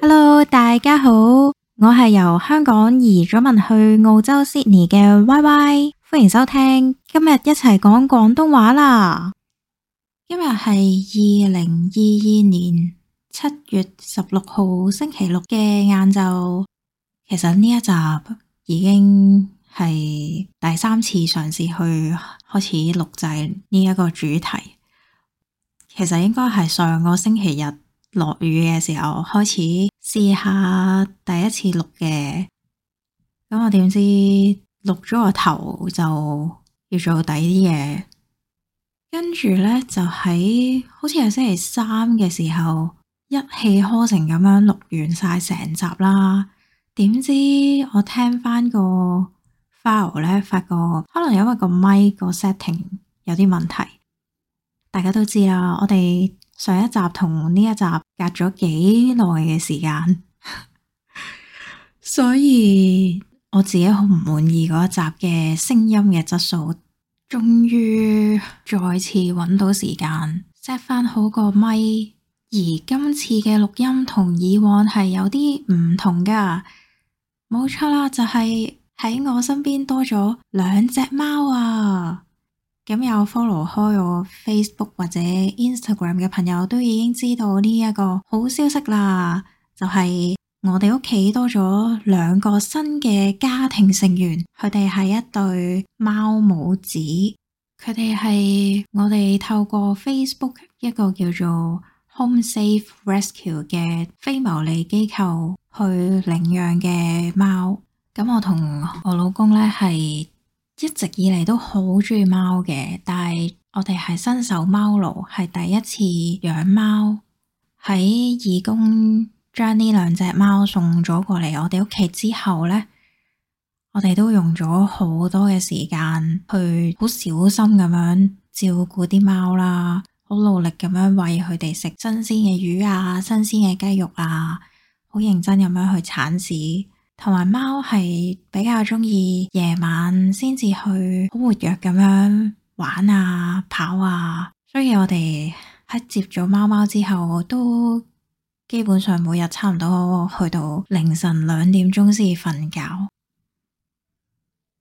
Hello，大家好，我係由香港移咗民去澳洲 Sydney 嘅 Y Y，歡迎收聽今日一齊講廣東話啦。今日係二零二二年七月十六號星期六嘅晏晝。其實呢一集已經，係第三次嘗試去開始錄製呢一個主題，其實應該係上個星期日落雨嘅時候開始試下第一次錄嘅，咁我點知錄咗個頭就要做底啲嘢，跟住呢，就喺好似係星期三嘅時候一氣呵成咁樣錄完晒成集啦，點知我聽翻個。花流咧，發覺可能因為個咪個 setting 有啲問題。大家都知啦，我哋上一集同呢一集隔咗幾耐嘅時間， 所以我自己好唔滿意嗰一集嘅聲音嘅質素。終於再次揾到時間 set 翻好個咪。而今次嘅錄音同以往係有啲唔同噶，冇錯啦，就係、是。喺我身邊多咗兩隻貓啊！咁有 follow 開我 Facebook 或者 Instagram 嘅朋友都已經知道呢一個好消息啦，就係我哋屋企多咗兩個新嘅家庭成員，佢哋係一對貓母子，佢哋係我哋透過 Facebook 一個叫做 Home Safe Rescue 嘅非牟利機構去領養嘅貓。咁我同我老公咧係一直以嚟都好中意貓嘅，但係我哋係新手貓奴，係第一次養貓。喺義工將呢兩隻貓送咗過嚟我哋屋企之後咧，我哋都用咗好多嘅時間去好小心咁樣照顧啲貓啦，好努力咁樣喂佢哋食新鮮嘅魚啊，新鮮嘅雞肉啊，好認真咁樣去鏟屎。同埋貓係比較中意夜晚先至去好活躍咁樣玩啊、跑啊，所以我哋喺接咗貓貓之後，都基本上每日差唔多去到凌晨兩點鐘先至瞓覺。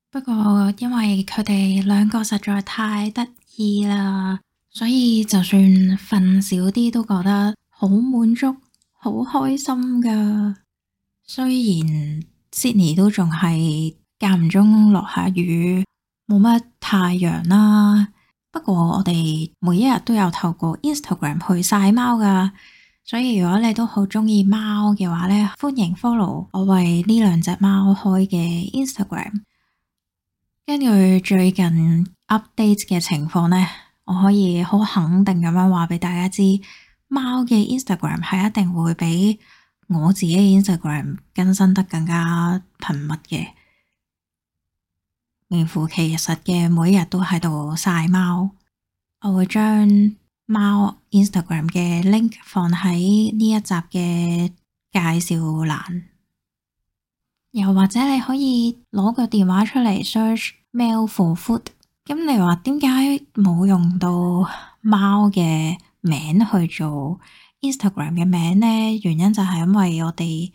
不過因為佢哋兩個實在太得意啦，所以就算瞓少啲都覺得好滿足、好開心㗎。雖然。s 悉 y 都仲係間唔中落下雨，冇乜太陽啦、啊。不過我哋每一日都有透過 Instagram 去晒貓噶，所以如果你都好中意貓嘅話咧，歡迎 follow 我為呢兩隻貓開嘅 Instagram。根住最近 update 嘅情況咧，我可以好肯定咁樣話俾大家知，貓嘅 Instagram 係一定會比。我自己 Instagram 更新得更加頻密嘅，名副其實嘅，每一日都喺度晒貓。我會將貓 Instagram 嘅 link 放喺呢一集嘅介紹欄，又或者你可以攞個電話出嚟 search meow for food。咁你話點解冇用到貓嘅名去做？Instagram 嘅名呢，原因就係因為我哋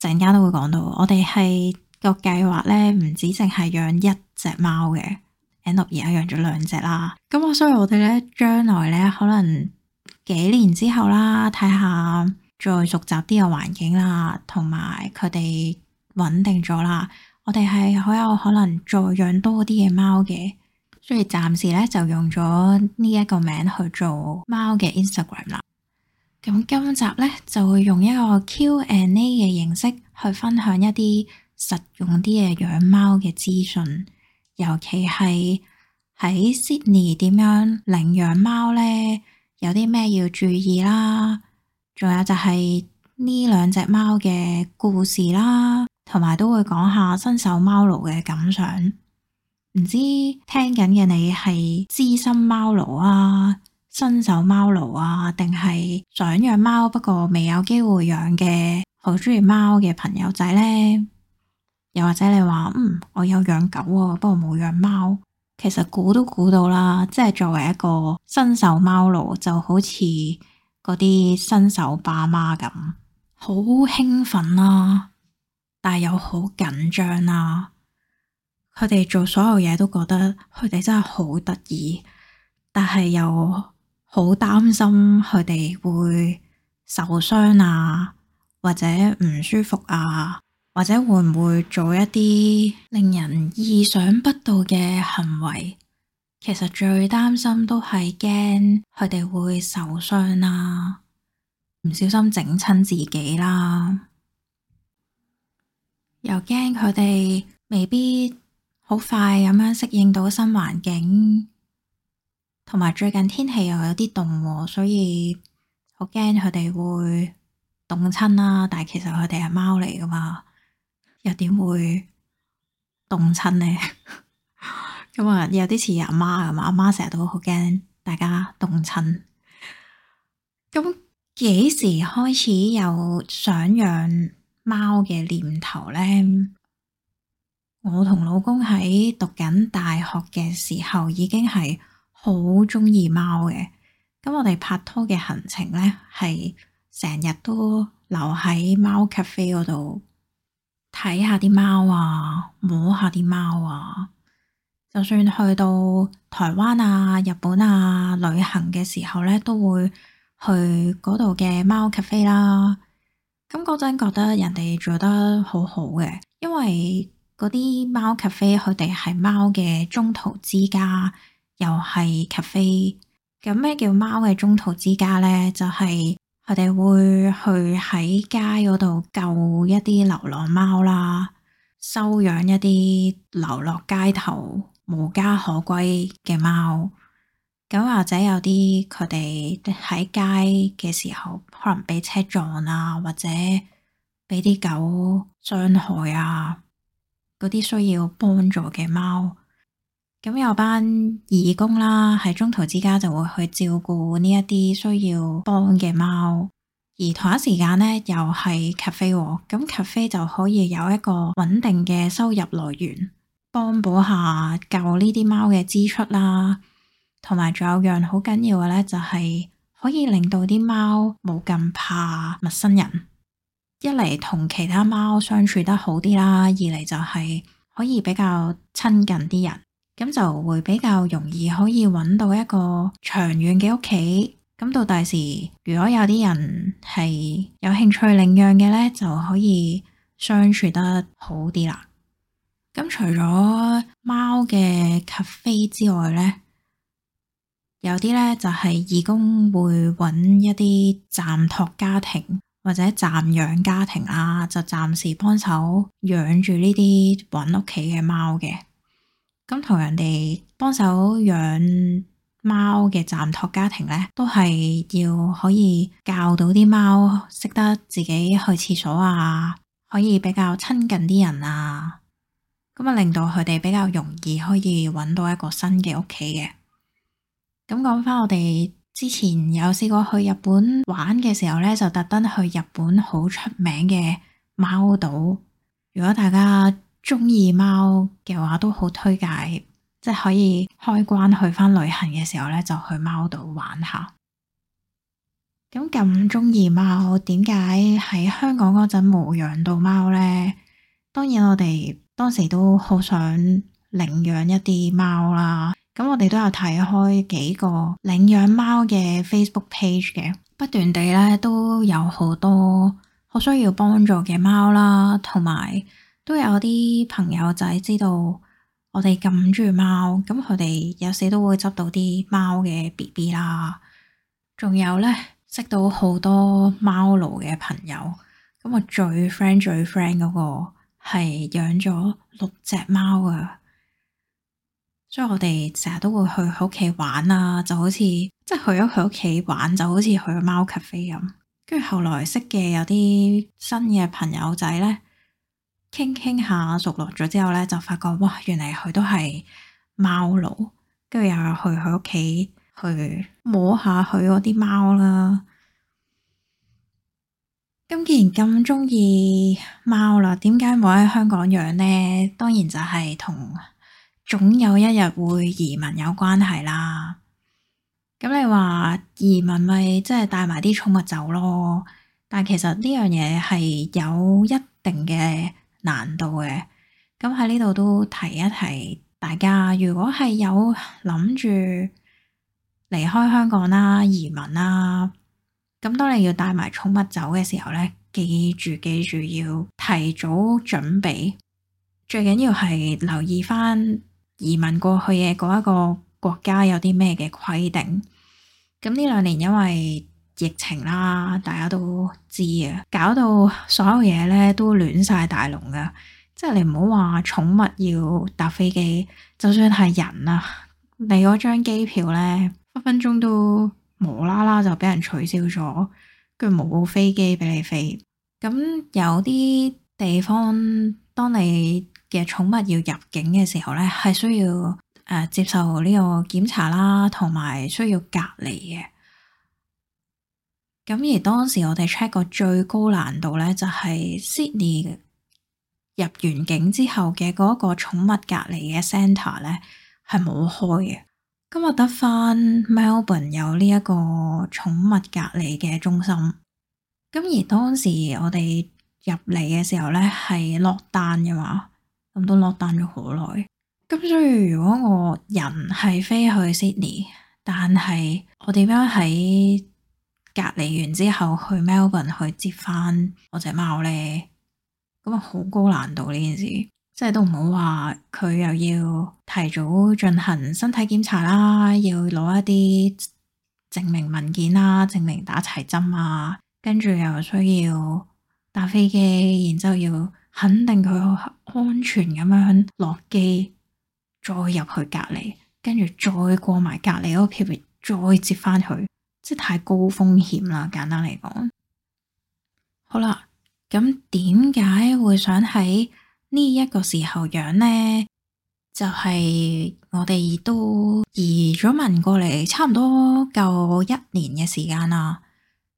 陣間都會講到，我哋係、個計劃呢，唔止淨係養一隻貓嘅。And 而家養咗兩隻啦，咁我所以我哋呢，將來呢，可能幾年之後啦，睇下再熟習啲嘅環境啦，同埋佢哋穩定咗啦，我哋係好有可能再養多啲嘅貓嘅，所以暫時呢，就用咗呢一個名去做貓嘅 Instagram 啦。咁今集咧，就會用一個 Q and A 嘅形式去分享一啲實用啲嘅養貓嘅資訊，尤其係喺 Sydney 點樣領養貓呢，有啲咩要注意啦，仲有就係呢兩隻貓嘅故事啦，同埋都會講下新手貓奴嘅感想。唔知聽緊嘅你係資深貓奴啊，新手貓奴啊，定係想養貓不過未有機會養嘅，好中意貓嘅朋友仔呢？又或者你話嗯，我有養狗啊，不過冇養貓。其實估都估到啦，即係作為一個新手貓奴，就好似嗰啲新手爸媽咁，好興奮啦啊，但係又好緊張啦，佢哋做所有嘢都覺得佢哋真係好得意，但係又。好擔心佢哋會受傷啊，或者唔舒服啊，或者會唔會做一啲令人意想不到嘅行為？其實最擔心都係驚佢哋會受傷啦、啊，唔小心整親自己啦、啊，又驚佢哋未必好快咁樣適應到新環境。同埋最近天氣又有啲凍喎，所以好驚佢哋會凍親啦。但係其實佢哋係貓嚟噶嘛，又點會凍親呢？咁 啊，有啲似阿媽咁，阿媽成日都好驚大家凍親。咁幾時開始有想養貓嘅念頭咧？我同老公喺讀緊大學嘅時候已經係。好中意貓嘅，咁我哋拍拖嘅行程呢，係成日都留喺貓咖啡嗰度睇下啲貓啊，摸下啲貓啊。就算去到台灣啊、日本啊旅行嘅時候呢，都會去嗰度嘅貓咖啡啦。咁嗰陣覺得人哋做得好好嘅，因為嗰啲貓咖啡佢哋係貓嘅中途之家。又係 cafe，咁咩叫貓嘅中途之家呢？就係佢哋會去喺街嗰度救一啲流浪貓啦，收養一啲流落街頭、無家可歸嘅貓。咁或者有啲佢哋喺街嘅時候，可能俾車撞啊，或者俾啲狗傷害啊，嗰啲需要幫助嘅貓。咁有班義工啦，喺中途之家就會去照顧呢一啲需要幫嘅貓，而同一時間呢，又係咖啡，咁咖啡就可以有一個穩定嘅收入來源，幫補下救呢啲貓嘅支出啦。同埋仲有樣好緊要嘅呢，就係可以令到啲貓冇咁怕陌生人，一嚟同其他貓相處得好啲啦，二嚟就係可以比較親近啲人。咁就會比較容易可以揾到一個長遠嘅屋企。咁到第時，如果有啲人係有興趣領養嘅呢，就可以相處得好啲啦。咁除咗貓嘅 cafe 之外呢，有啲呢就係義工會揾一啲暫托家庭或者暫養家庭啊，就暫時幫手養住呢啲揾屋企嘅貓嘅。咁同人哋幫手養貓嘅暫託家庭呢，都係要可以教到啲貓識得自己去廁所啊，可以比較親近啲人啊，咁啊令到佢哋比較容易可以揾到一個新嘅屋企嘅。咁講翻我哋之前有試過去日本玩嘅時候呢，就特登去日本好出名嘅貓島。如果大家，中意貓嘅話，都好推介，即係可以開關去翻旅行嘅時候呢，就去貓度玩下。咁咁中意貓，點解喺香港嗰陣冇養到貓呢？當然，我哋當時都好想領養一啲貓啦。咁我哋都有睇開幾個領養貓嘅 Facebook page 嘅，不斷地呢都有好多好需要幫助嘅貓啦，同埋。都有啲朋友仔知道我哋咁鍾意貓，咁佢哋有時都會執到啲貓嘅 B B 啦。仲有呢，識到好多貓奴嘅朋友，咁我最 friend 最 friend 嗰個係養咗六隻貓啊！所以我哋成日都會去佢屋企玩啊，就好似即係去咗佢屋企玩，就好似去個貓 cafe 咁。跟住後來識嘅有啲新嘅朋友仔呢。傾傾下熟絡咗之後咧，就發覺哇，原來佢都係貓奴，跟住又去佢屋企去摸下佢嗰啲貓啦。咁既然咁中意貓啦，點解冇喺香港養呢？當然就係同總有一日會移民有關係啦。咁你話移民咪即係帶埋啲寵物走咯？但其實呢樣嘢係有一定嘅。難度嘅，咁喺呢度都提一提大家。如果係有諗住離開香港啦，移民啦，咁當你要帶埋寵物走嘅時候呢，記住記住要提早準備，最緊要係留意翻移民過去嘅嗰一個國家有啲咩嘅規定。咁呢兩年因為。疫情啦，大家都知啊，搞到所有嘢咧都亂晒大籠噶。即係你唔好話寵物要搭飛機，就算係人啊，你嗰張機票咧分分鐘都無啦啦就俾人取消咗，佢冇飛機俾你飛，咁有啲地方，當你嘅寵物要入境嘅時候咧，係需要誒接受呢個檢查啦，同埋需要隔離嘅。咁而當時我哋 check 個最高難度咧，就係、是、Sydney 入完境之後嘅嗰一個寵物隔離嘅 centre 咧，係冇開嘅。今日得翻 Melbourne 有呢一個寵物隔離嘅中心。咁而當時我哋入嚟嘅時候咧，係落單嘅嘛，咁都落單咗好耐。咁所以如果我人係飛去 Sydney，但係我點樣喺？隔離完之後去 Melbourne 去接翻我隻貓咧，咁啊，好高難度呢件事，即係都唔好話佢又要提早進行身體檢查啦，要攞一啲證明文件啦，證明打齊針啊，跟住又需要搭飛機，然之後要肯定佢安全咁樣落機，再入去隔離，跟住再過埋隔離屋企再接翻佢。即太高風險啦，簡單嚟講。好啦，咁點解會想喺呢一個時候養呢？就係、是、我哋都移咗民過嚟，差唔多夠一年嘅時間啦。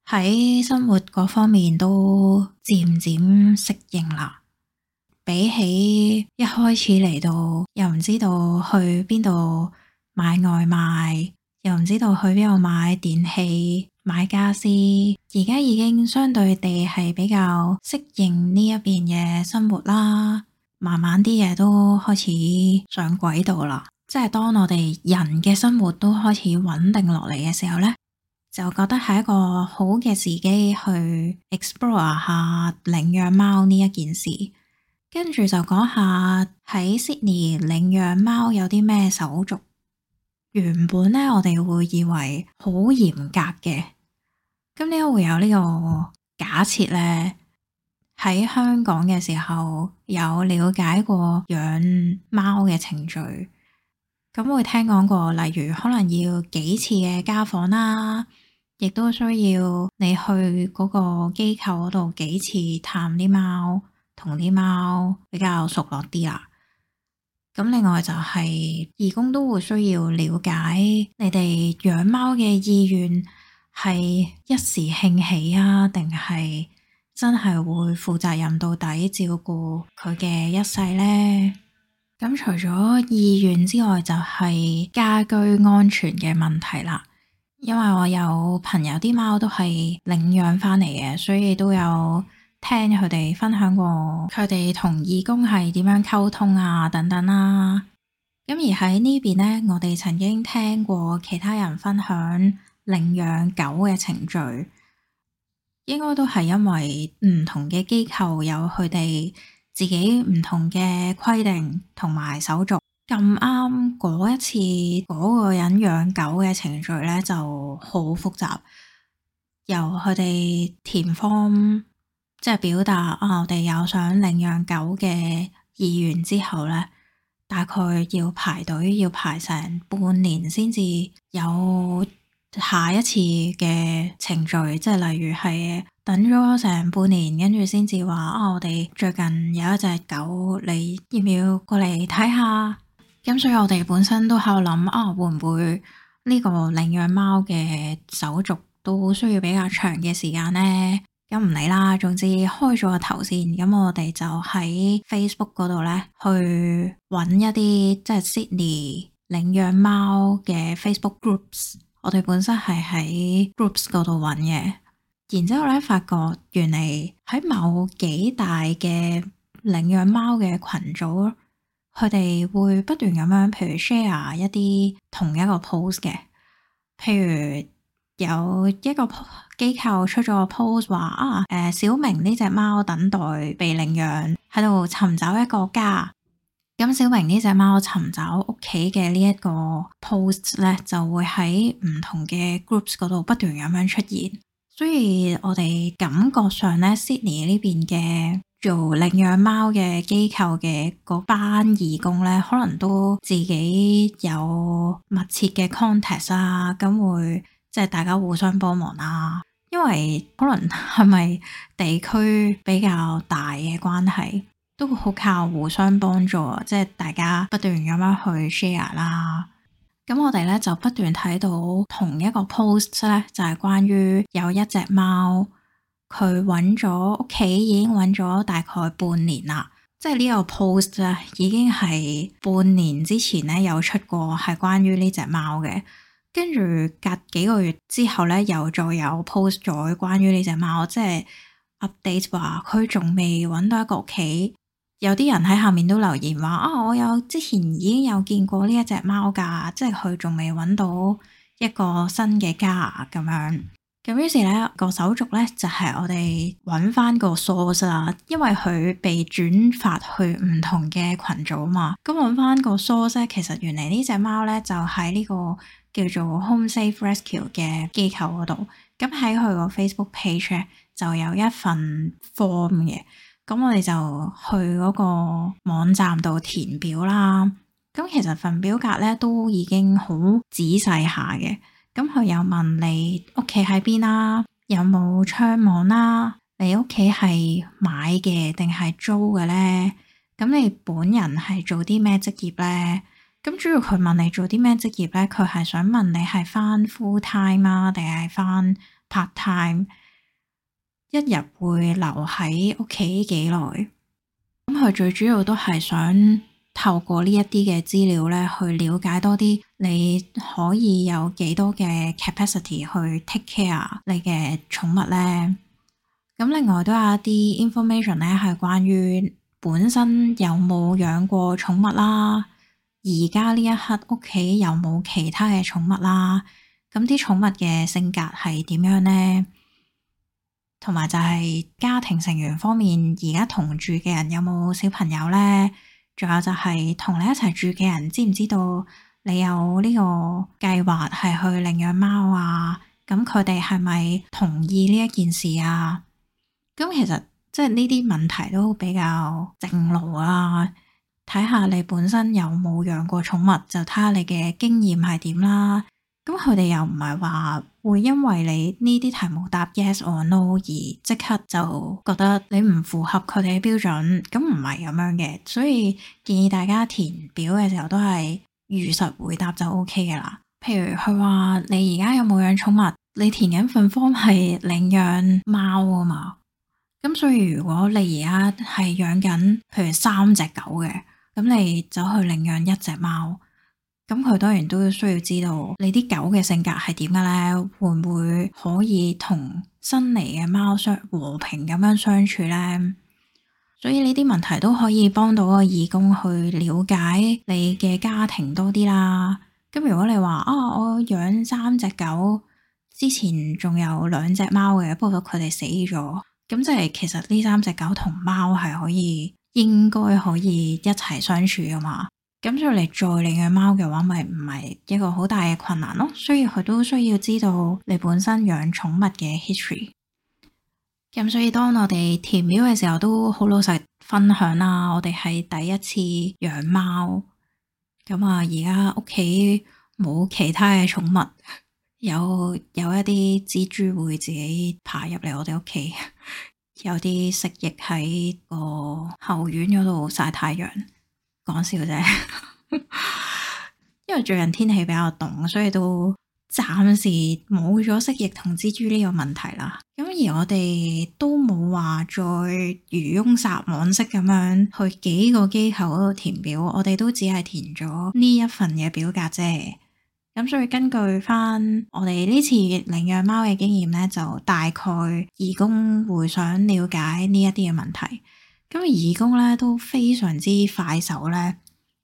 喺生活各方面都漸漸適應啦。比起一開始嚟到，又唔知道去邊度買外賣。又唔知道去邊度買電器、買傢俬，而家已經相對地係比較適應呢一邊嘅生活啦。慢慢啲嘢都開始上軌道啦，即係當我哋人嘅生活都開始穩定落嚟嘅時候呢，就覺得係一個好嘅時機去 explore 下領養貓呢一件事，跟住就講下喺 Sydney 領養貓有啲咩手續。原本咧，我哋會以為好嚴格嘅，咁呢個會有呢個假設呢。喺香港嘅時候有了解過養貓嘅程序，咁會聽講過，例如可能要幾次嘅家訪啦，亦都需要你去嗰個機構嗰度幾次探啲貓，同啲貓比較熟絡啲啦。咁另外就係義工都會需要了解你哋養貓嘅意願係一時興起啊，定係真係會負責任到底照顧佢嘅一世呢？咁除咗意願之外，就係家居安全嘅問題啦。因為我有朋友啲貓都係領養翻嚟嘅，所以都有。聽佢哋分享過，佢哋同義工係點樣溝通啊，等等啦、啊。咁而喺呢邊呢，我哋曾經聽過其他人分享領養狗嘅程序，應該都係因為唔同嘅機構有佢哋自己唔同嘅規定同埋手續。咁啱嗰一次，嗰個人養狗嘅程序呢，就好複雜，由佢哋填 form。即係表達啊，我哋有想領養狗嘅意願之後咧，大概要排隊要排成半年先至有下一次嘅程序，即係例如係等咗成半年，跟住先至話啊，我哋最近有一隻狗，你要唔要過嚟睇下？咁所以我哋本身都喺度諗啊，會唔會呢個領養貓嘅手續都需要比較長嘅時間咧？咁唔理啦，總之開咗個頭先，咁我哋就喺 Facebook 嗰度呢，去揾一啲即係 Sydney 領養貓嘅 Facebook groups。我哋本身係喺 groups 嗰度揾嘅，然之後呢，發覺原嚟喺某幾大嘅領養貓嘅群組，佢哋會不斷咁樣，譬如 share 一啲同一個 post 嘅，譬如。有一個機構出咗個 post 話啊，誒，小明呢隻貓等待被領養，喺度尋找一個家。咁小明呢隻貓尋找屋企嘅呢一個 post 咧，就會喺唔同嘅 groups 嗰度不斷咁樣出現。所以我哋感覺上咧，Sydney 呢邊嘅做領養貓嘅機構嘅嗰班義工咧，可能都自己有密切嘅 contact、啊啦。咁、嗯、會。即係大家互相幫忙啦，因為可能係咪地區比較大嘅關係，都好靠互相幫助。即係大家不斷咁樣去 share 啦。咁我哋咧就不斷睇到同一個 post 咧，就係關於有一隻貓，佢揾咗屋企，已經揾咗大概半年啦。即係呢個 post 啊，已經係半年之前咧有出過，係關於呢隻貓嘅。跟住隔幾個月之後咧，又再有 post 咗關於呢隻貓，即係 update 話佢仲未揾到一個屋企。有啲人喺下面都留言話：啊，哦，我有之前已經有見過呢一隻貓噶，即係佢仲未揾到一個新嘅家咁樣。咁於是咧個手續咧就係我哋揾翻個 source 啦，因為佢被轉發去唔同嘅群組啊嘛。咁揾翻個 source 咧，其實原嚟呢隻貓咧就喺呢個叫做 Home Safe Rescue 嘅機構嗰度，咁喺佢個 Facebook page 就有一份 form 嘅，咁我哋就去嗰個網站度填表啦。咁其實份表格咧都已經好仔細下嘅，咁佢有問你屋企喺邊啦，有冇窗網啦、啊，你屋企係買嘅定係租嘅呢？咁你本人係做啲咩職業呢？咁主要佢問你做啲咩職業呢？佢係想問你係返 full time 啊，定係返 part time？一日會留喺屋企幾耐？咁佢最主要都係想透過呢一啲嘅資料呢，去了解多啲你可以有幾多嘅 capacity 去 take care 你嘅寵物呢。咁另外都有一啲 information 呢，係關於本身有冇養過寵物啦、啊。而家呢一刻屋企有冇其他嘅寵物啦？咁啲寵物嘅性格係點樣呢？同埋就係家庭成員方面，而家同住嘅人有冇小朋友呢？仲有就係同你一齊住嘅人，知唔知道你有呢個計劃係去領養貓啊？咁佢哋係咪同意呢一件事啊？咁其實即係呢啲問題都比較正路啊。睇下你本身有冇養過寵物，就睇下你嘅經驗係點啦。咁佢哋又唔係話會因為你呢啲題目答 yes or no 而即刻就覺得你唔符合佢哋嘅標準，咁唔係咁樣嘅。所以建議大家填表嘅時候都係如實回答就 OK 噶啦。譬如佢話你而家有冇養寵物，你填緊份 form 係領養貓啊嘛，咁所以如果你而家係養緊，譬如三隻狗嘅。咁你走去領養一隻貓，咁佢當然都需要知道你啲狗嘅性格係點嘅咧，會唔會可以同新嚟嘅貓相和平咁樣相處咧？所以呢啲問題都可以幫到個義工去了解你嘅家庭多啲啦。咁如果你話啊，我養三隻狗，之前仲有兩隻貓嘅，不過佢哋死咗，咁即係其實呢三隻狗同貓係可以。應該可以一齊相處噶嘛，咁所以你再領養貓嘅話，咪唔係一個好大嘅困難咯。所以佢都需要知道你本身養寵物嘅 history。咁所以當我哋填表嘅時候，都好老實分享啦。我哋係第一次養貓，咁啊，而家屋企冇其他嘅寵物，有有一啲蜘蛛會自己爬入嚟我哋屋企。有啲蜥蜴喺個後院嗰度曬太陽，講笑啫。 因為最近天氣比較凍，所以都暫時冇咗蜥蜴同蜘蛛呢個問題啦。咁而我哋都冇話再漁翁撒網式咁樣去幾個機構嗰度填表，我哋都只係填咗呢一份嘅表格啫。咁所以根據翻我哋呢次領養貓嘅經驗咧，就大概義工會想了解呢一啲嘅問題。咁義工咧都非常之快手咧，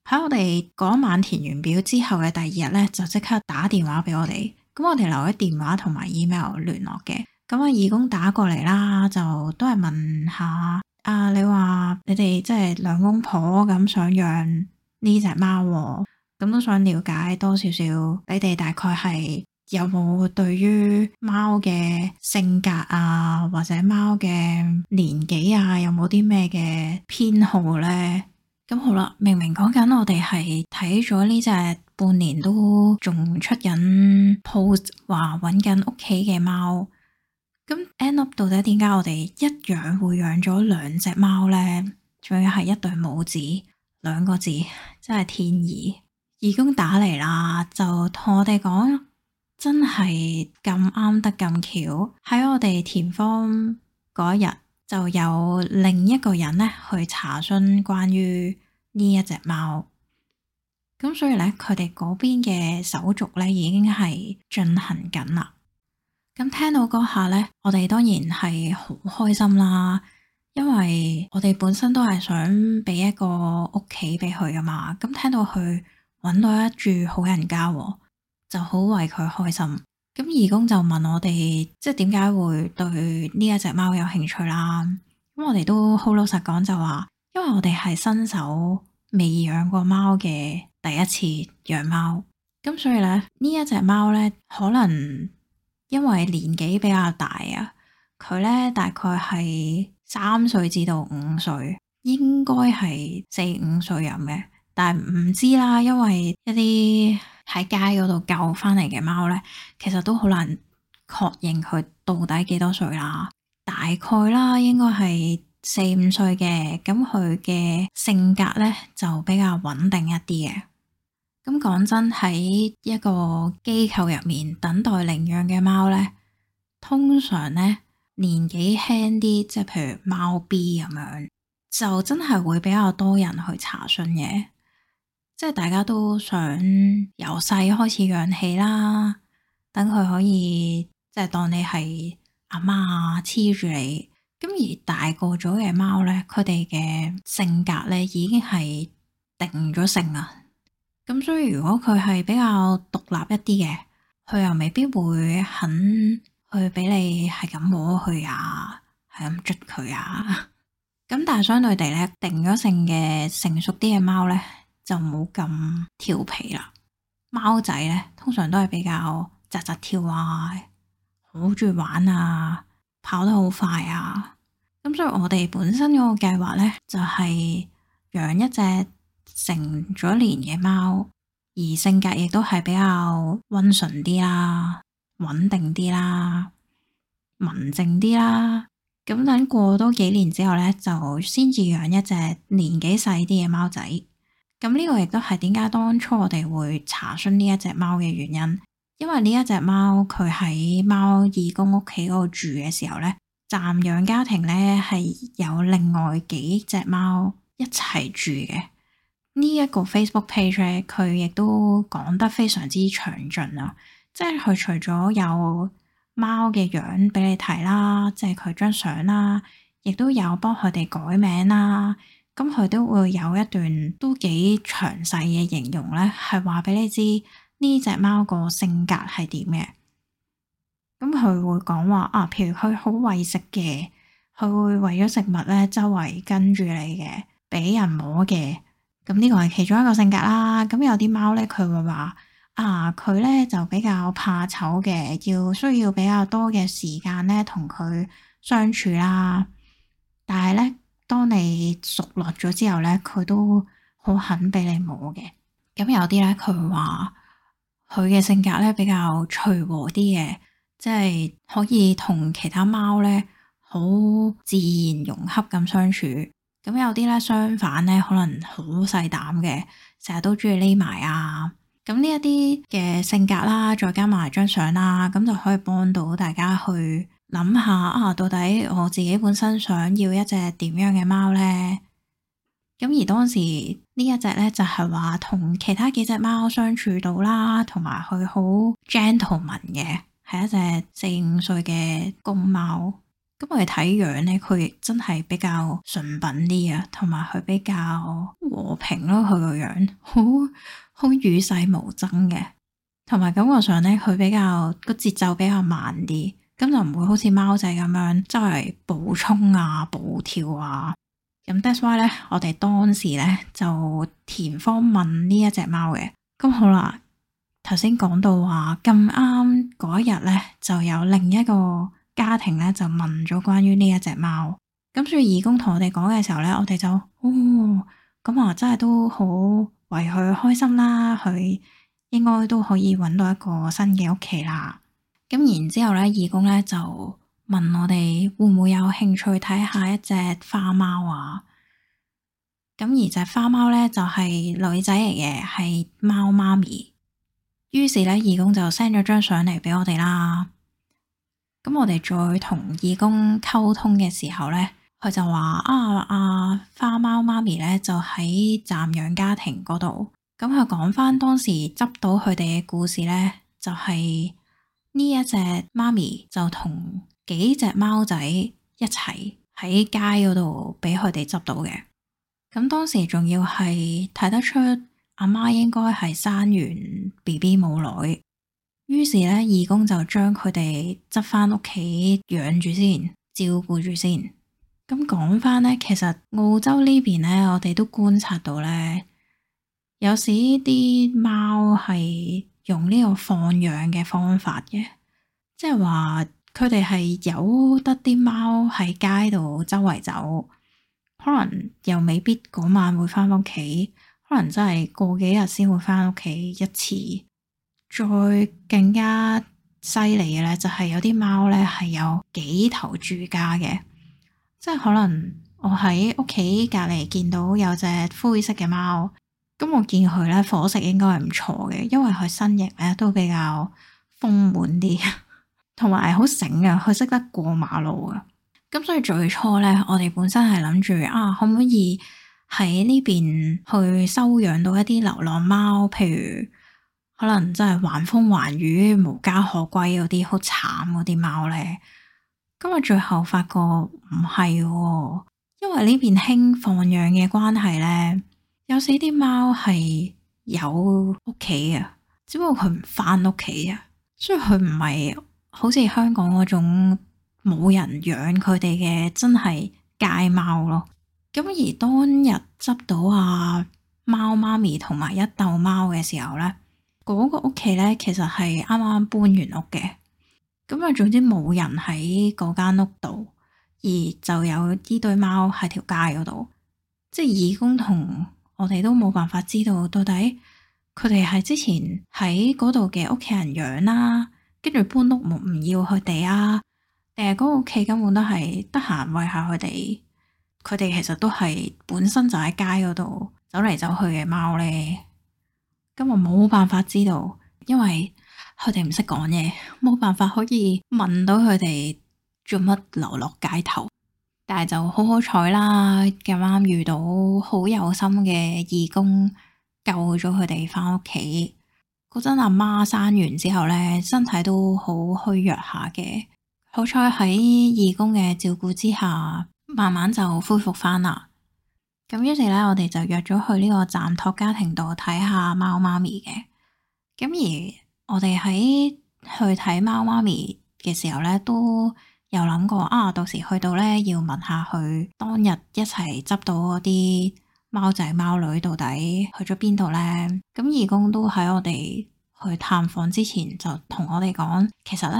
喺我哋嗰晚填完表之後嘅第二日咧，就即刻打電話俾我哋。咁我哋留咗電話同埋 email 聯絡嘅。咁啊，義工打過嚟啦，就都係問下啊，你話你哋即係兩公婆咁想養呢隻貓。咁都想了解多少少，你哋大概係有冇對於貓嘅性格啊，或者貓嘅年紀啊，有冇啲咩嘅偏好咧？咁好啦，明明講緊我哋係睇咗呢隻半年都仲出緊 post，話搵緊屋企嘅貓。咁 end up 到底點解我哋一養會養咗兩隻貓咧？仲要係一對母子，兩個字真係天意。義工打嚟啦，就同我哋講，真係咁啱得咁巧，喺我哋填方嗰日就有另一個人咧去查詢關於呢一隻貓，咁所以呢，佢哋嗰邊嘅手續咧已經係進行緊啦。咁聽到嗰下呢，我哋當然係好開心啦，因為我哋本身都係想俾一個屋企俾佢㗎嘛，咁聽到佢。揾到一住好人家，就好為佢開心。咁義工就問我哋，即係點解會對呢一隻貓有興趣啦？咁我哋都好老實講，就話，因為我哋係新手，未養過貓嘅，第一次養貓。咁所以咧，呢一隻貓呢，可能因為年紀比較大啊，佢呢大概係三歲至到五歲，應該係四五歲人嘅。但係唔知啦，因為一啲喺街嗰度救翻嚟嘅貓呢，其實都好難確認佢到底幾多歲啦。大概啦，應該係四五歲嘅。咁佢嘅性格呢，就比較穩定一啲嘅。咁講真，喺一個機構入面等待領養嘅貓呢，通常呢，年紀輕啲，即係譬如貓 B 咁樣，就真係會比較多人去查詢嘅。即係大家都想由細開始養起啦，等佢可以即係當你係阿媽黐住你，咁而大個咗嘅貓咧，佢哋嘅性格咧已經係定咗性啦。咁所以如果佢係比較獨立一啲嘅，佢又未必會肯去俾你係咁摸佢啊，係咁捉佢啊。咁但係相對地咧，定咗性嘅成熟啲嘅貓咧，就冇咁調皮啦。貓仔咧，通常都係比較紮紮跳啊，好中意玩啊，跑得好快啊。咁所以我哋本身嗰個計劃咧，就係養一隻成咗年嘅貓，而性格亦都係比較溫順啲啦，穩定啲啦，文靜啲啦。咁等過多幾年之後咧，就先至養一隻年紀細啲嘅貓仔。咁呢個亦都係點解當初我哋會查詢呢一隻貓嘅原因，因為呢一隻貓佢喺貓義工屋企嗰度住嘅時候，呢暫養家庭呢係有另外幾隻貓一齊住嘅。呢、這、一個 Facebook page 佢亦都講得非常之詳盡啊，即係佢除咗有貓嘅樣俾你睇啦，即係佢張相啦，亦都有幫佢哋改名啦。咁佢都會有一段都幾詳細嘅形容咧，係話俾你知呢隻貓個性格係點嘅。咁佢會講話啊，譬如佢好為食嘅，佢會為咗食物咧，周圍跟住你嘅，俾人摸嘅。咁呢個係其中一個性格啦。咁有啲貓咧，佢會話啊，佢咧就比較怕醜嘅，要需要比較多嘅時間咧同佢相處啦。但係咧。當你熟落咗之後咧，佢都好肯俾你摸嘅。咁有啲咧，佢話佢嘅性格咧比較隨和啲嘅，即係可以同其他貓咧好自然融洽咁相處。咁有啲咧相反咧，可能好細膽嘅，成日都中意匿埋啊。咁呢一啲嘅性格啦，再加埋張相啦，咁就可以幫到大家去。諗下啊，到底我自己本身想要一隻點樣嘅貓呢？咁而當時呢一隻呢，就係話同其他幾隻貓相處到啦，同埋佢好 gentleman 嘅，係一隻四五歲嘅公貓。咁我哋睇樣呢，佢真係比較純品啲啊，同埋佢比較和平咯，佢個樣好好與世無爭嘅，同埋感覺上呢，佢比較個節奏比較慢啲。咁就唔會好似貓仔咁樣，周圍補充啊、補跳啊。咁 that's why 咧，我哋當時咧就填方問呢一隻貓嘅。咁好啦，頭先講到話咁啱嗰一日咧，就有另一個家庭咧就問咗關於呢一隻貓。咁所以義工同我哋講嘅時候咧，我哋就哦，咁啊真係都好為佢開心啦，佢應該都可以揾到一個新嘅屋企啦。咁然之後咧，義工咧就問我哋會唔會有興趣睇下一隻花貓啊？咁而隻花貓咧就係女仔嚟嘅，係貓媽咪。於是咧，義工就 send 咗張相嚟俾我哋啦。咁我哋再同義工溝通嘅時候咧，佢就話啊啊花貓媽咪咧就喺暫養家庭嗰度。咁佢講翻當時執到佢哋嘅故事咧，就係。呢一隻媽咪就同幾隻貓仔一齊喺街嗰度俾佢哋執到嘅，咁當時仲要係睇得出阿媽應該係生完 B B 冇耐，於是呢義工就將佢哋執返屋企養住先，照顧住先。咁講翻呢，其實澳洲呢邊呢，我哋都觀察到呢，有時啲貓係。用呢個放養嘅方法嘅，即係話佢哋係有得啲貓喺街度周圍走，可能又未必嗰晚會返屋企，可能真係過幾日先會返屋企一次。再更加犀利嘅咧，就係有啲貓咧係有幾頭住家嘅，即係可能我喺屋企隔籬見到有隻灰色嘅貓。咁我見佢咧，伙食應該係唔錯嘅，因為佢身形咧都比較豐滿啲，同埋係好醒啊，佢識得過馬路啊。咁所以最初咧，我哋本身係諗住啊，可唔可以喺呢邊去收養到一啲流浪貓，譬如可能真係橫風橫雨、無家可歸嗰啲好慘嗰啲貓咧。咁我最後發覺唔係，哦，因為呢邊興放養嘅關係咧。有死啲貓係有屋企嘅，只不過佢唔翻屋企啊，所以佢唔係好似香港嗰種冇人養佢哋嘅真係街貓咯。咁而當日執到阿貓媽咪同埋一竇貓嘅時候呢，嗰個屋企呢，其實係啱啱搬完屋嘅，咁啊，總之冇人喺個間屋度，而就有呢堆貓喺條街嗰度，即係義工同。我哋都冇辦法知道到底佢哋係之前喺嗰度嘅屋企人養啦，啊，跟住搬屋冇唔要佢哋啊？定係嗰個屋企根本都係得閒喂下佢哋，佢哋其實都係本身就喺街嗰度走嚟走去嘅貓咧。咁我冇辦法知道，因為佢哋唔識講嘢，冇辦法可以問到佢哋做乜流落街頭。但係就好好彩啦，咁啱遇到好有心嘅義工救咗佢哋翻屋企。嗰陣阿媽生完之後呢，身體都好虛弱下嘅，好彩喺義工嘅照顧之下，慢慢就恢復翻啦。咁於是呢，我哋就約咗去呢個暫托家庭度睇下貓媽咪嘅。咁而我哋喺去睇貓媽咪嘅時候呢，都，有諗過啊，到時去到呢，要問下佢當日一齊執到嗰啲貓仔貓女到底去咗邊度呢？咁義工都喺我哋去探訪之前就同我哋講，其實呢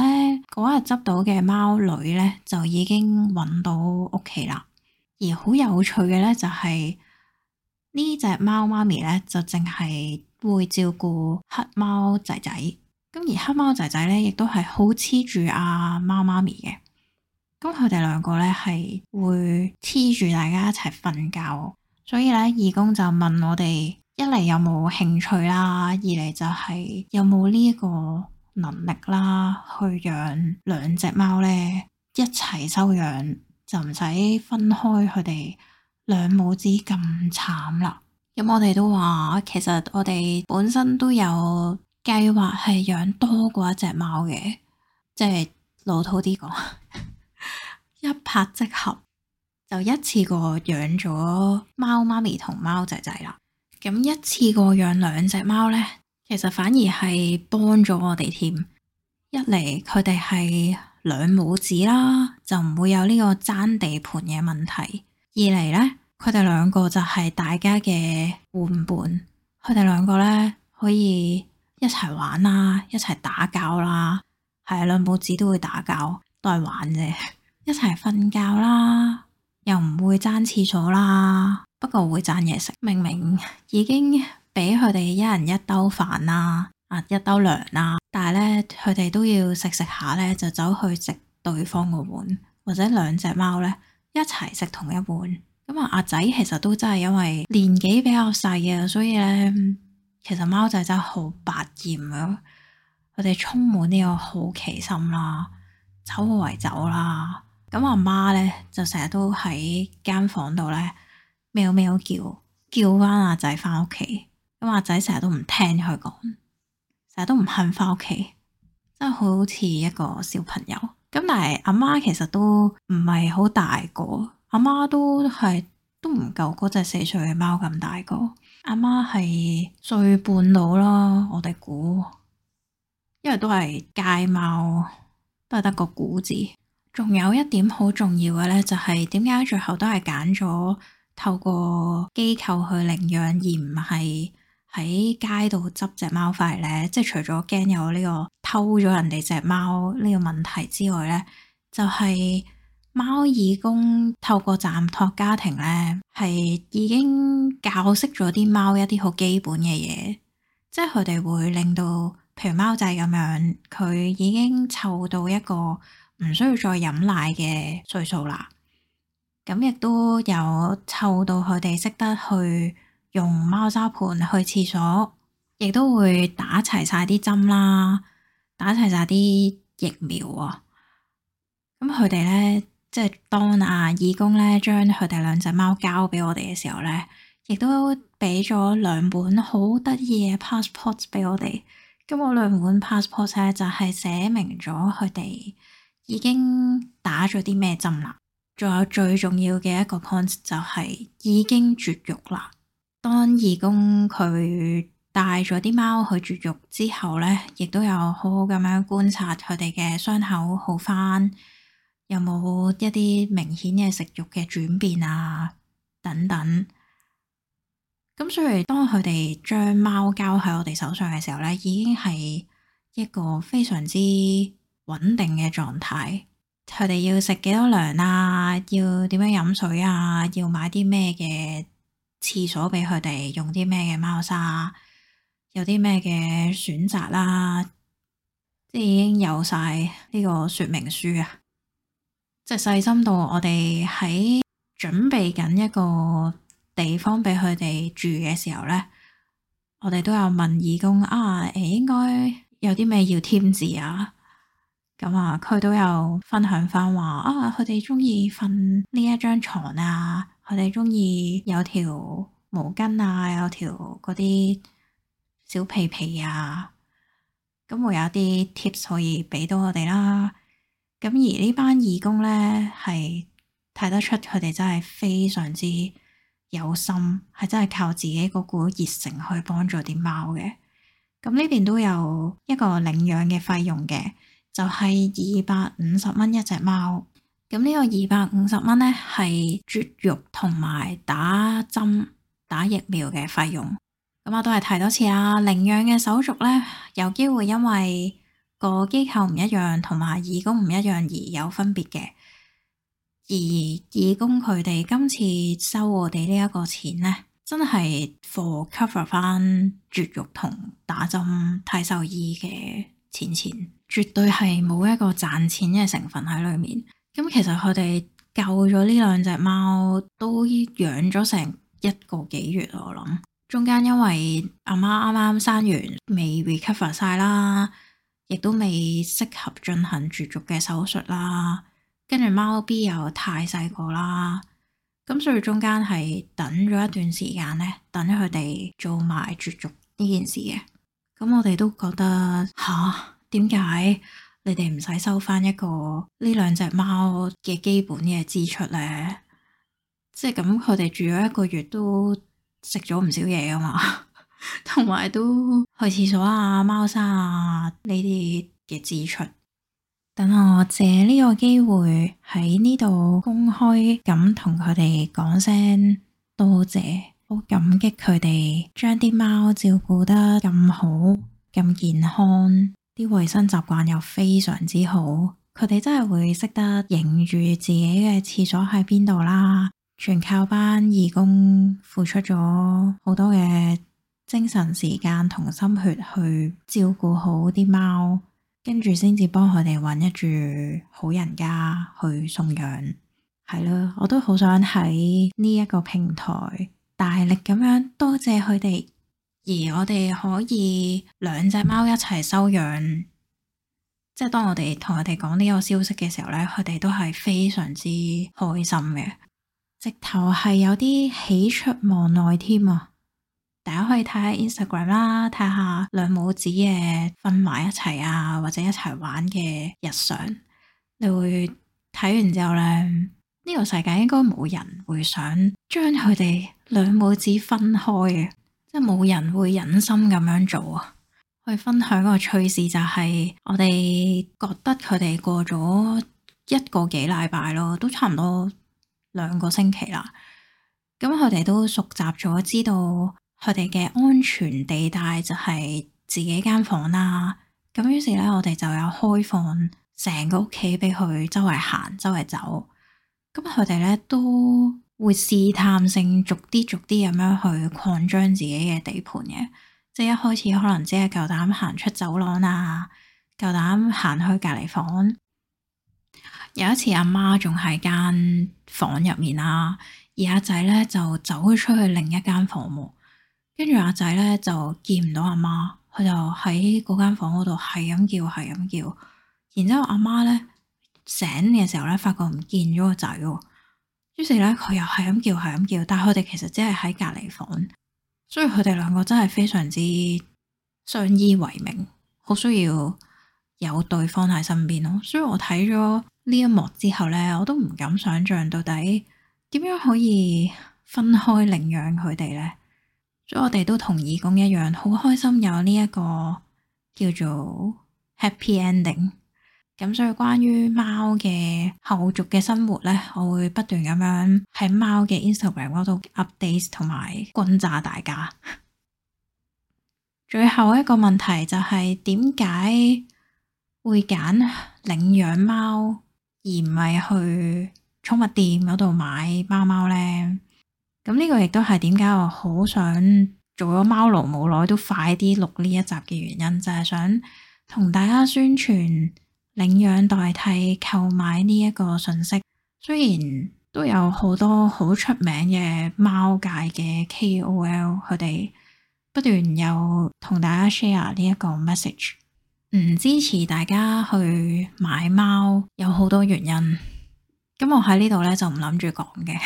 嗰日執到嘅貓女呢，就已經揾到屋企啦。而好有趣嘅呢，就係呢隻貓媽咪呢，就淨係會照顧黑貓仔仔，咁而黑貓仔仔呢，亦都係好黐住阿貓媽咪嘅。咁佢哋兩個咧，係會黐住大家一齊瞓覺，所以咧，義工就問我哋一嚟有冇興趣啦，二嚟就係有冇呢個能力啦，去養兩隻貓咧，一齊收養就唔使分開佢哋兩母子咁慘啦。咁，嗯，我哋都話，其實我哋本身都有計劃係養多過一隻貓嘅，即係老土啲講。一拍即合，就一次過養咗貓媽咪同貓仔仔啦。咁一次過養兩隻貓呢，其實反而係幫咗我哋添。一嚟佢哋係兩母子啦，就唔會有呢個爭地盤嘅問題；二嚟呢，佢哋兩個就係大家嘅玩伴，佢哋兩個呢，可以一齊玩啦，一齊打交啦，係兩母子都會打交，都係玩啫。一齊瞓覺啦，又唔會爭廁所啦。不過會爭嘢食，明明已經俾佢哋一人一兜飯啦，阿一兜糧啦，但係呢，佢哋都要食食下呢，就走去食對方個碗，或者兩隻貓呢，一齊食同一碗。咁啊，阿仔其實都真係因為年紀比較細嘅，所以呢，其實貓仔真係好百厭啊，佢哋充滿呢個好奇心啦，周圍走啦。咁阿媽咧就成日都喺間房度咧，喵喵叫，叫翻阿仔翻屋企。咁阿仔成日都唔聽佢講，成日都唔肯翻屋企，真係好似一個小朋友。咁但係阿媽其實都唔係好大個，阿媽都係都唔夠嗰隻四歲嘅貓咁大個。阿媽係歲半到啦，我哋估，因為都係街貓，都係得個估字。仲有一點好重要嘅呢，就係點解最後都係揀咗透過機構去領養，而唔係喺街度執隻貓翻嚟呢？即係除咗驚有呢個偷咗人哋隻貓呢個問題之外呢，就係、是、貓義工透過暫托家庭呢，係已經教識咗啲貓一啲好基本嘅嘢，即係佢哋會令到，譬如貓仔咁樣，佢已經湊到一個。唔需要再飲奶嘅歲數啦，咁亦都有湊到佢哋識得去用貓砂盤去廁所，亦都會打齊晒啲針啦，打齊晒啲疫苗啊。咁佢哋咧，即係當啊義工咧，將佢哋兩隻貓交俾我哋嘅時候咧，亦都俾咗兩本好得意嘅 passport 俾我哋。咁我兩本 passport 咧就係寫明咗佢哋。已經打咗啲咩針啦？仲有最重要嘅一個 point 就係已經絕育啦。當義工佢帶咗啲貓去絕育之後咧，亦都有好好咁樣觀察佢哋嘅傷口好翻，有冇一啲明顯嘅食慾嘅轉變啊等等。咁所以當佢哋將貓交喺我哋手上嘅時候咧，已經係一個非常之。穩定嘅狀態，佢哋要食幾多糧啊？要點樣飲水啊？要買啲咩嘅廁所畀佢哋用？啲咩嘅貓砂有啲咩嘅選擇啦，啊？即係已經有晒呢個說明書啊，即係細心到我哋喺準備緊一個地方俾佢哋住嘅時候咧，我哋都有問義工啊。誒，應該有啲咩要添置啊？咁啊，佢都有分享翻話啊，佢哋中意瞓呢一張床啊，佢哋中意有條毛巾啊，有條嗰啲小屁屁啊，咁會有啲 tips 可以俾到我哋啦。咁而呢班義工呢，係睇得出佢哋真係非常之有心，係真係靠自己嗰股熱誠去幫助啲貓嘅。咁呢邊都有一個領養嘅費用嘅。就係二百五十蚊一隻貓，咁呢個二百五十蚊呢，係絕育同埋打針打疫苗嘅費用，咁我都係提多次啊，領養嘅手續呢，有機會因為個機構唔一樣同埋義工唔一樣而有分別嘅，而義工佢哋今次收我哋呢一個錢呢，真係 for cover 翻絕育同打針太獸醫嘅。錢錢絕對係冇一個賺錢嘅成分喺裏面。咁其實佢哋救咗呢兩隻貓，都養咗成一個幾月我諗。中間因為阿媽啱啱生完，未 recover 晒啦，亦都未適合進行絕育嘅手術啦。跟住貓 B 又太細個啦，咁所以中間係等咗一段時間呢，等佢哋做埋絕育呢件事嘅。咁我哋都覺得吓，點解你哋唔使收翻一個呢兩隻貓嘅基本嘅支出咧？即係咁，佢哋住咗一個月都食咗唔少嘢啊嘛，同埋都去廁所啊、貓砂啊，呢啲嘅支出。等我借呢個機會喺呢度公開咁同佢哋講聲多謝。好感激佢哋將啲貓照顧得咁好、咁健康，啲衛生習慣又非常之好。佢哋真係會識得認住自己嘅廁所喺邊度啦。全靠班義工付出咗好多嘅精神時間同心血去照顧好啲貓，跟住先至幫佢哋揾一住好人家去送養。係咯，我都好想喺呢一個平台。大力咁樣多謝佢哋，而我哋可以兩隻貓一齊收養，即係當我哋同佢哋講呢個消息嘅時候呢，佢哋都係非常之開心嘅，直頭係有啲喜出望外添啊！大家可以睇下 Instagram 啦，睇下兩母子嘅瞓埋一齊啊，或者一齊玩嘅日常，你會睇完之後呢，呢個世界應該冇人會想將佢哋兩母子分開嘅，即係冇人會忍心咁樣做啊！去分享個趣事就係、是，我哋覺得佢哋過咗一個幾禮拜咯，都差唔多兩個星期啦。咁佢哋都熟習咗，知道佢哋嘅安全地帶就係自己間房啦。咁於是呢，我哋就有開放成個屋企俾佢周圍行、周圍走。咁佢哋呢都會試探性逐啲逐啲咁樣去擴張自己嘅地盤嘅，即係一開始可能只係夠膽行出走廊啊，夠膽行去隔籬房。有一次阿媽仲喺間房入面啊，而阿仔咧，就走咗出去另一間房，跟住阿仔咧就見唔到阿媽，佢就喺嗰間房嗰度係咁叫係咁叫，然之後阿媽咧醒嘅時候咧發覺唔見咗個仔。於是咧，佢又係咁叫，係咁叫，但係佢哋其實只係喺隔籬房，所以佢哋兩個真係非常之相依為命，好需要有對方喺身邊咯。所以我睇咗呢一幕之後咧，我都唔敢想象到底點樣可以分開領養佢哋咧。所以我哋都同義工一樣，好開心有呢一個叫做 Happy Ending。咁所以關於貓嘅後續嘅生活呢，我會不斷咁樣喺貓嘅 Instagram 嗰度 update 同埋轟炸大家。 最後一個問題就係點解會揀領養貓，而唔係去寵物店嗰度買貓貓呢？咁呢個亦都係點解我好想做咗貓奴冇耐都快啲錄呢一集嘅原因，就係、是、想同大家宣傳。領養代替購買呢一個訊息，雖然都有好多好出名嘅貓界嘅 KOL，佢哋不斷有同大家 share 呢一個 message，唔支持大家去買貓有好多原因。咁我喺呢度呢就唔諗住講嘅，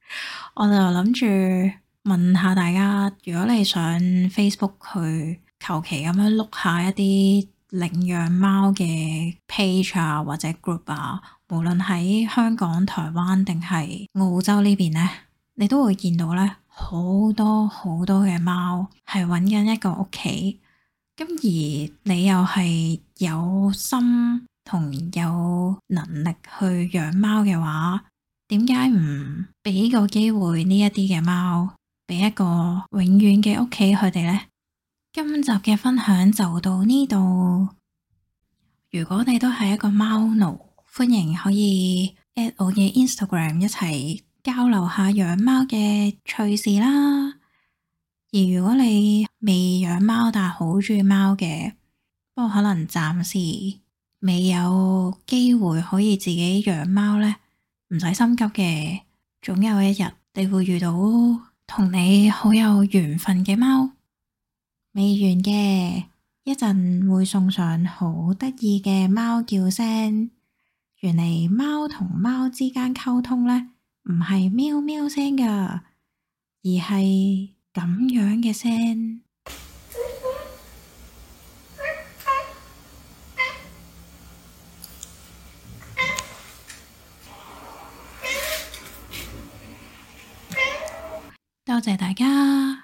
我就諗住問，問下大家，如果你上 Facebook 去求其咁樣碌下一啲，領養貓嘅 page 啊，或者 group 啊，無論喺香港、台灣定係澳洲呢邊呢，你都會見到呢好多好多嘅貓係揾緊一個屋企。咁而你又係有心同有能力去養貓嘅話，點解唔俾個機會呢一啲嘅貓，俾一個永遠嘅屋企佢哋呢？今集嘅分享就到呢度。如果你都係一個貓奴，歡迎可以 at 我嘅 Instagram 一齊交流下養貓嘅趣事啦。而如果你未養貓但係好中意貓嘅，不過可能暫時未有機會可以自己養貓咧，唔使心急嘅，總有一日你會遇到同你好有緣分嘅貓。未完嘅，一陣會送上好得意嘅貓叫聲，原嚟貓同貓之間溝通呢，唔係喵喵聲噶，而係咁樣嘅聲。 喵喵喵多謝大家。